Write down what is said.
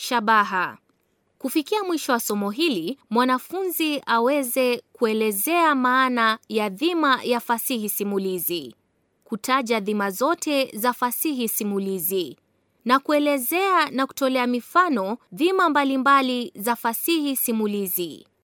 Shabaha. Kufikia mwisho wa somo hili, mwanafunzi aweze kuelezea maana ya dhima ya fasihi simulizi, kutaja dhima zote za fasihi simulizi na kuelezea na kutolea mifano dhima mbalimbali za fasihi simulizi.